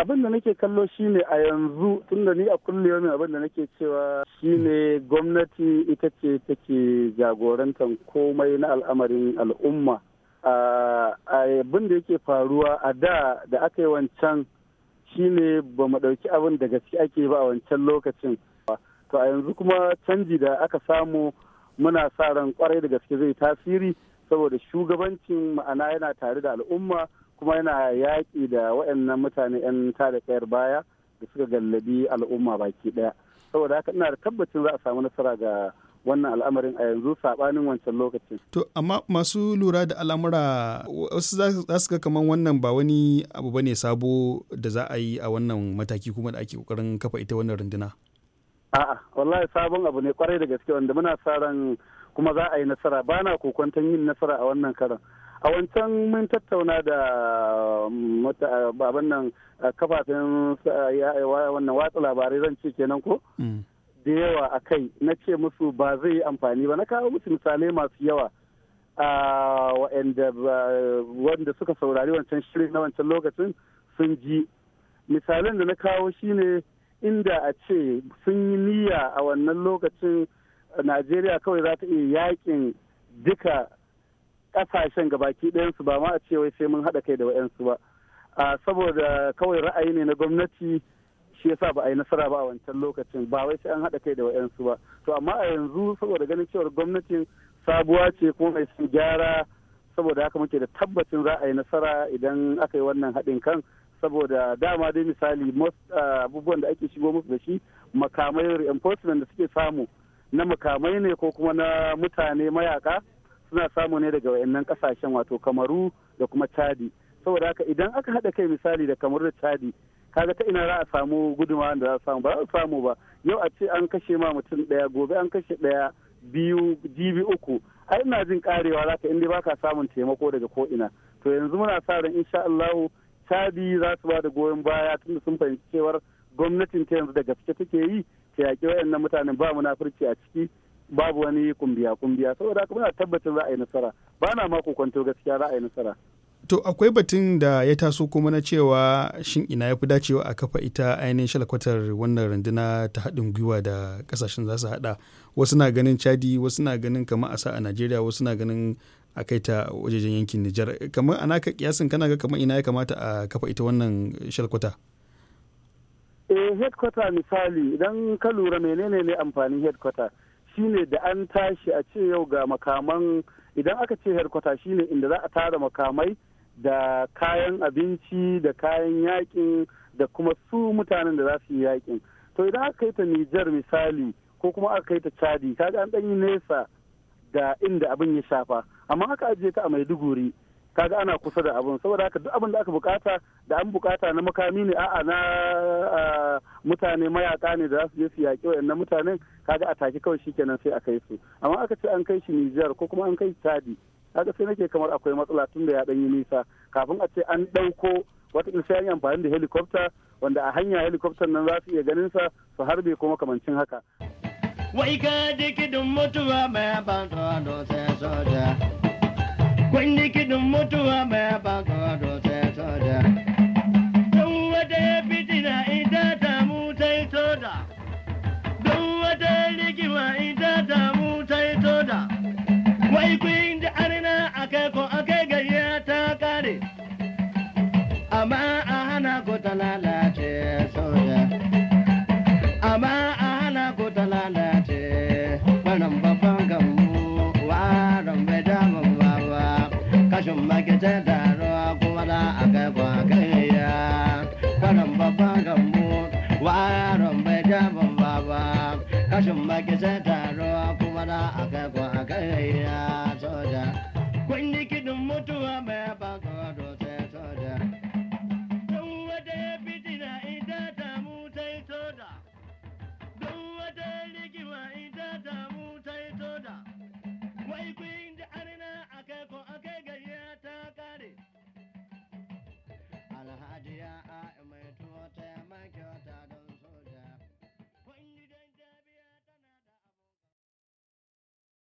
abin da nake kallo shine a yanzu tunda ni a kulle abin da nake cewa shine gwamnati ita ce take jagorantar komai na al'amarin al'umma A abin da yake faruwa a da da aka yi wancan shine ba mu ɗauki abin da gaske ake ba a wancan lokacin to a yanzu kuma canji da aka samu muna sa ran kwarai da gaske zai tasiri saboda shugabancin ma'ana yana tare da al'umma kuma yana yaƙi da waɗannan mutane 'yan tada kayar baya da suka gallabi al'umma baki ɗaya saboda haka ina da tabbacin za a samu nasara ga wannan al'amarin a yanzu saɓanin wancan lokacin. To amma masu lura da al'amura wasu za su ga kamar wannan ba wani abu bane sabo da za a yi a wannan mataki kuma da ake kokarin kafa ita wannan runduna. A'a wallahi sabon abu ne kwarai da gaske wanda muna sa ran kuma za a yi nasara ba na kokwantan yin nasara a wannan karan a wancan mun tattauna da baban um, nan kafafen wannan watsa labarai zan ce kenan ko mm. da yawa a kai na ce musu ba zai yi amfani ba na kawo musu misalai masu yawa wanda suka saurari wancan shirin na wancan lokacin sun ji misalin da na kawo shine inda a ce sun yi niyya a wannan lokacin najeriya kawai za ta iya yakin duka ƙasashen gabaki ɗayansu ba ma a ce wai sai mun haɗa kai da wa'yansu ba saboda kawai ra'ayi ne na gwamnati shi yasa ba a yi nasara ba a wancan lokacin ba wai sai an haɗa kai da wa'yansu ba to amma a yanzu saboda ganin cewar gwamnatin sabuwa ce kuma mai sun gyara saboda haka muke da tabbacin za a yi nasara idan aka yi wannan haɗin kan saboda dama dai misali abubuwan da ake shigo musu da shi makamai reinforcement da suke samu na mukamai ne ko kuma na mutane mayaka suna samu ne daga wayannan kasashen wato kamaru da kuma chadi saboda haka idan aka haɗa kai misali da kamaru da chadi kaga ta ina za a samu guduma da za a samu ba za a samu ba yau a ce an kashe ma mutum ɗaya gobe an kashe ɗaya biyu jibi uku ai ina jin karewa za ka inda baka samun taimako daga ko ina to yanzu muna sa ran insha Allah Chadi za su ba da goyon baya tunda sun fahimci cewar gwamnatin ta yanzu da gaske take yi ta yaƙi wayannan mutanen ba munafurci a ciki babu wani kumbiya kumbiya saboda haka muna tabbacin za a yi nasara ba na ma kwanto gaskiya za a yi nasara to akwai batun da ya taso kuma na cewa shin ina ya fi dacewa a kafa ita ainihin shalakwatar wannan randuna ta haɗin gwiwa da ƙasashen za su haɗa wasu na ganin chadi wasu na ganin kamar a sa a najeriya wasu na ganin a kai ta wajejen yankin nijar kamar ana ka kiyasin kana ga kamar ina ya kamata a kafa ita wannan shalkwata eh headquarter misali idan ka lura menene ne amfanin headquarter shine da an tashi a ce yau ga makaman idan aka ce headquarter shine inda za a tara makamai da kayan abinci da kayan yakin da kuma su mutanen da za su yi yakin to idan aka kai ta Nijar misali ko kuma aka kai ta Chadi kaga an dan yi nesa da inda abin ya shafa amma aka ajiye ta a Maiduguri kaga ana kusa da abun saboda haka duk abin da aka bukata da an bukata na makami ne a'a na mutane mayaka ne da za su je su yaƙi wayannan mutanen kaga a take kawai shikenan sai a kai su amma aka ce an kai shi Nijar ko kuma an kai Chadi kaga sai nake kamar akwai matsala tun da ya dan yi nisa kafin a ce an ɗauko wata sai an yi amfani da helicopter wanda a hanya helicopter nan za su iya ganin sa su harbe kuma kamancin haka wai ka dikidin mutuwa mai ban tsoro sai soja mutuwa mai bagado sai soja don wata ya fitina ita ta mu ta yi soda don wata rigima ita ta mu ta yi soda wai kun ji arna akai ko akai gayya ta kare amma a hana ko ta lalace mutum magice da ruwa kuma da a kai kwakaiya kwarin babban gambo wa yaron bai jabin baba kashin magice da ruwa kuma da a kai kwakaiya kun yi kidin mutuwa